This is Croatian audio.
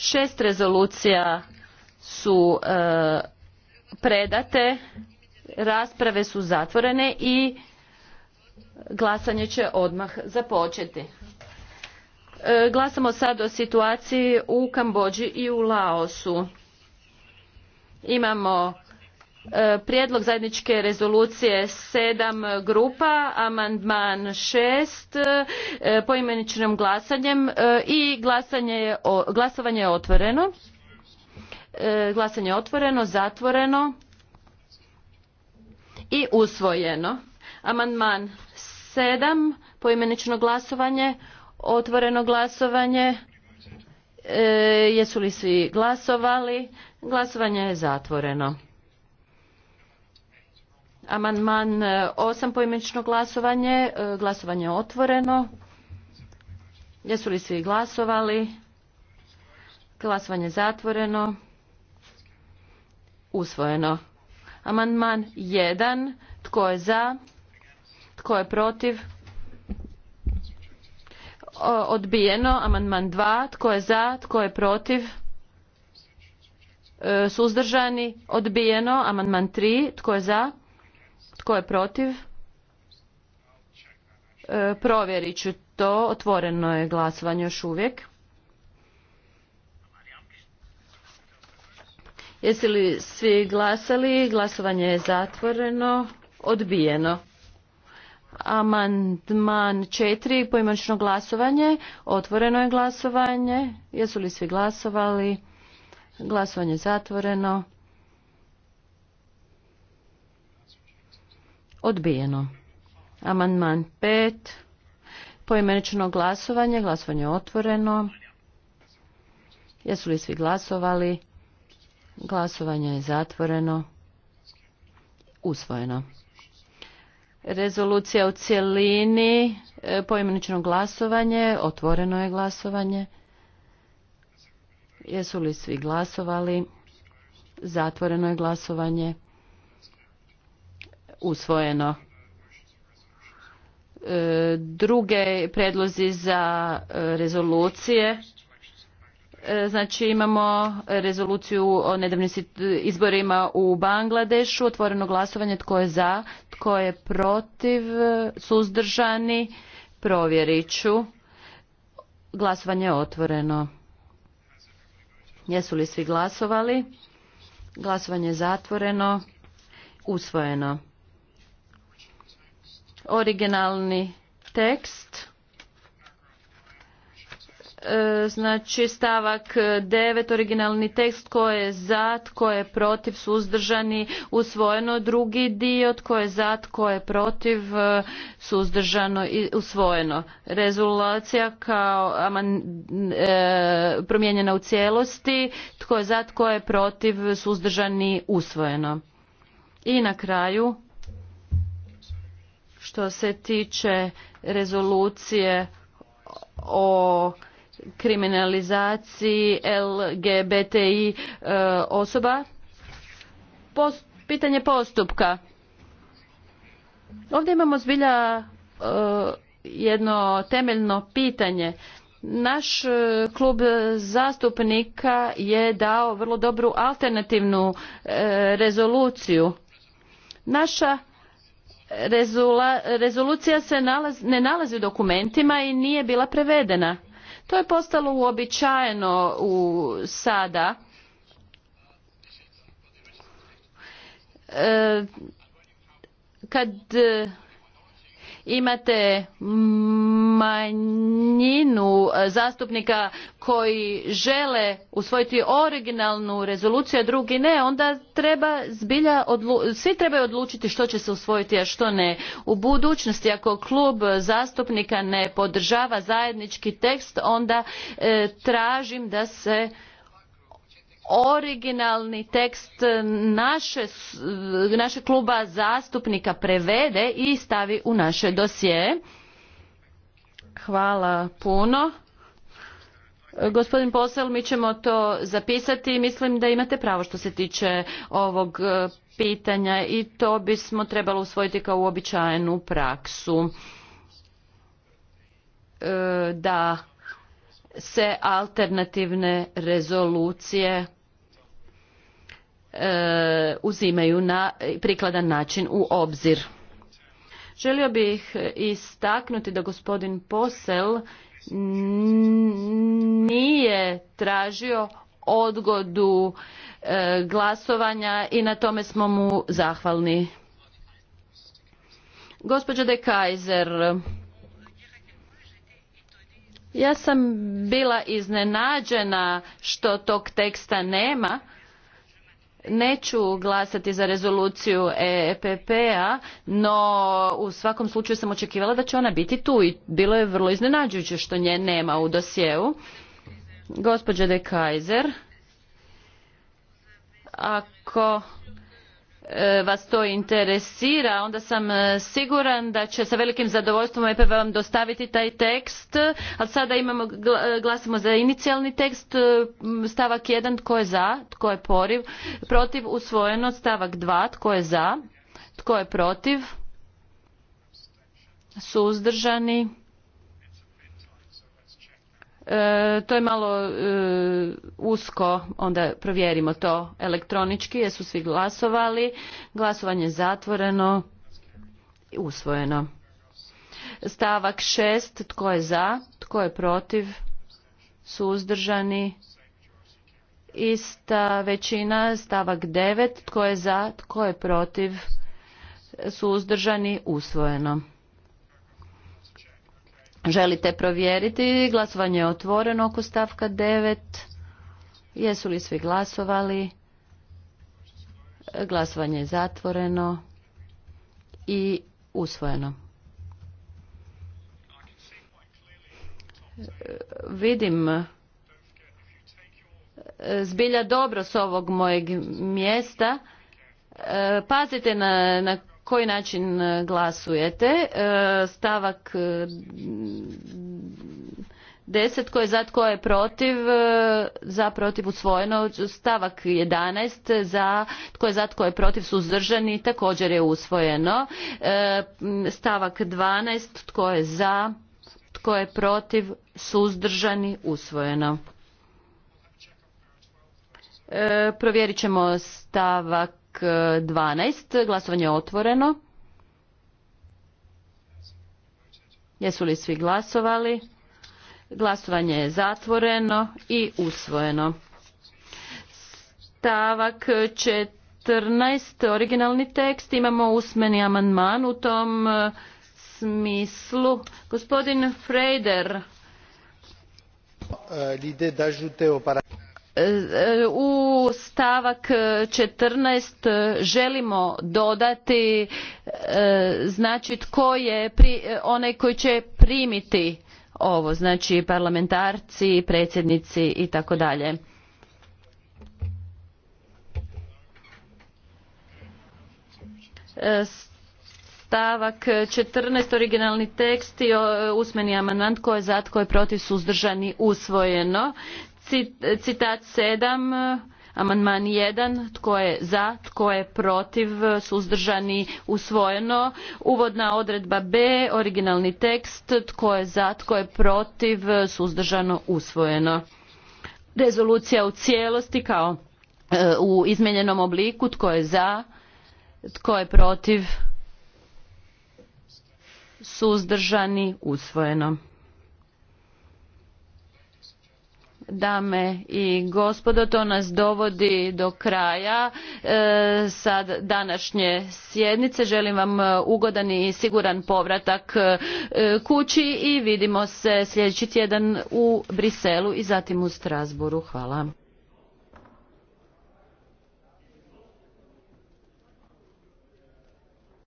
Šest rezolucija su e, predate, rasprave su zatvorene i glasanje će odmah započeti. E, glasamo sad o situaciji u Kambođi i u Laosu. Imamo E, prijedlog zajedničke rezolucije sedam grupa amandman 6 e, poimeničnim glasanjem e, i glasovanje je otvoreno glasanje je otvoreno zatvoreno i usvojeno amandman sedam, poimenično glasovanje otvoreno glasovanje jesu li svi glasovali glasovanje je zatvoreno Amandman e, osam poimenično glasovanje. E, glasovanje je otvoreno. Jesu li svi glasovali? Glasovanje zatvoreno. Usvojeno. Amandman jedan. Tko je za? Tko je protiv? Odbijeno. Amandman dva. Tko je za? Tko je protiv? E, suzdržani. Odbijeno. Amandman tri. Tko je za? Tko je protiv? E, provjerit ću to. Otvoreno je glasovanje još uvijek. Jesi li svi glasali? Glasovanje je zatvoreno. Odbijeno. Amandman 4. poimačno glasovanje. Otvoreno je glasovanje. Jesu li svi glasovali? Glasovanje je zatvoreno. Odbijeno. Amandman 5. Poimenično glasovanje. Glasovanje je otvoreno. Jesu li svi glasovali? Glasovanje je zatvoreno. Usvojeno. Rezolucija u cjelini, e, poimenično glasovanje, otvoreno je glasovanje. Jesu li svi glasovali? Zatvoreno je glasovanje usvojeno. E, druge predlozi za e, rezolucije. E, znači imamo rezoluciju o nedavnim izborima u Bangladešu, otvoreno glasovanje tko je za, tko je protiv, suzdržani, provjerit ću. Glasovanje je otvoreno. Jesu li svi glasovali? Glasovanje je zatvoreno. Usvojeno originalni tekst. E, znači stavak 9, originalni tekst, tko je za, tko je protiv, suzdržani, usvojeno drugi dio, tko je za, tko je protiv, e, suzdržano i usvojeno. Rezolucija kao aman, e, promijenjena u cijelosti, tko je za, tko je protiv, suzdržani, usvojeno. I na kraju se tiče rezolucije o kriminalizaciji LGBTI e, osoba. pitanje postupka. Ovdje imamo zbilja e, jedno temeljno pitanje. Naš e, klub zastupnika je dao vrlo dobru alternativnu rezoluciju. Naša rezolucija se ne nalazi u dokumentima i nije bila prevedena. To je postalo uobičajeno u sada. E, kad imate manjinu zastupnika koji žele usvojiti originalnu rezoluciju, a drugi ne, onda treba zbilja, svi trebaju odlučiti što će se usvojiti, a što ne. U budućnosti ako klub zastupnika ne podržava zajednički tekst, onda e, tražim da se originalni tekst naše, kluba zastupnika prevede i stavi u naše dosje. Hvala puno. Gospodin Posel, mi ćemo to zapisati mislim da imate pravo što se tiče ovog e, pitanja i to bismo trebalo usvojiti kao uobičajenu praksu. E, da se alternativne rezolucije E, uzimaju na prikladan način u obzir. Želio bih istaknuti da gospodin Posel nije tražio odgodu e, glasovanja i na tome smo mu zahvalni. Gospođo de Kaiser, ja sam bila iznenađena što tog teksta nema Neću glasati za rezoluciju EPP-a, no u svakom slučaju sam očekivala da će ona biti tu i bilo je vrlo iznenađujuće što nje nema u dosjeu. Gospođa de Kaiser, ako E, vas to interesira onda sam e, siguran da će sa velikim zadovoljstvom epp vam dostaviti taj tekst ali sada imamo, e, glasamo za inicijalni tekst stavak jedan tko je za tko je poriv, protiv usvojeno stavak dva tko je za tko je protiv suzdržani E, to je malo e, usko, onda provjerimo to elektronički, jesu svi glasovali. Glasovanje je zatvoreno i usvojeno. Stavak šest, Tko je za? Tko je protiv? Suzdržani? Ista većina. Stavak devet, Tko je za? Tko je protiv? Suzdržani? Usvojeno. Želite provjeriti? Glasovanje je otvoreno oko stavka 9. Jesu li svi glasovali? Glasovanje je zatvoreno i usvojeno. Vidim zbilja dobro s ovog mojeg mjesta. E, pazite na, na koji način e, glasujete. E, stavak 10 e, tko je za, tko je protiv, za, protiv usvojeno, stavak 11 za, tko je za, tko je protiv, suzdržani, također je usvojeno, stavak 12 tko je za, tko je protiv, suzdržani, usvojeno. Provjerit ćemo stavak 12. E, Glasovanje je otvoreno. Jesu li svi glasovali? Glasovanje je zatvoreno i usvojeno. Stavak 14. Originalni tekst. Imamo usmeni amandman u tom e, smislu. Gospodin Freider. E, l'idée d'ajouter u stavak 14 želimo dodati e, znači tko je onaj koji će primiti ovo znači parlamentarci predsjednici i tako dalje e, stavak 14 originalni tekst i e, usmeni amandman tko je za tko je protiv suzdržani usvojeno Citat 7, amandman 1, tko je za, tko je protiv, suzdržani, usvojeno. Uvodna odredba B, originalni tekst, tko je za, tko je protiv, suzdržano, usvojeno. Rezolucija u cijelosti kao e, u izmijenjenom obliku, tko je za, tko je protiv, suzdržani, usvojeno. dame i gospodo to nas dovodi do kraja e, današnje sjednice želim vam e, ugodan i siguran povratak e, kući i vidimo se sljedeći tjedan u briselu i zatim u strasbourgu hvala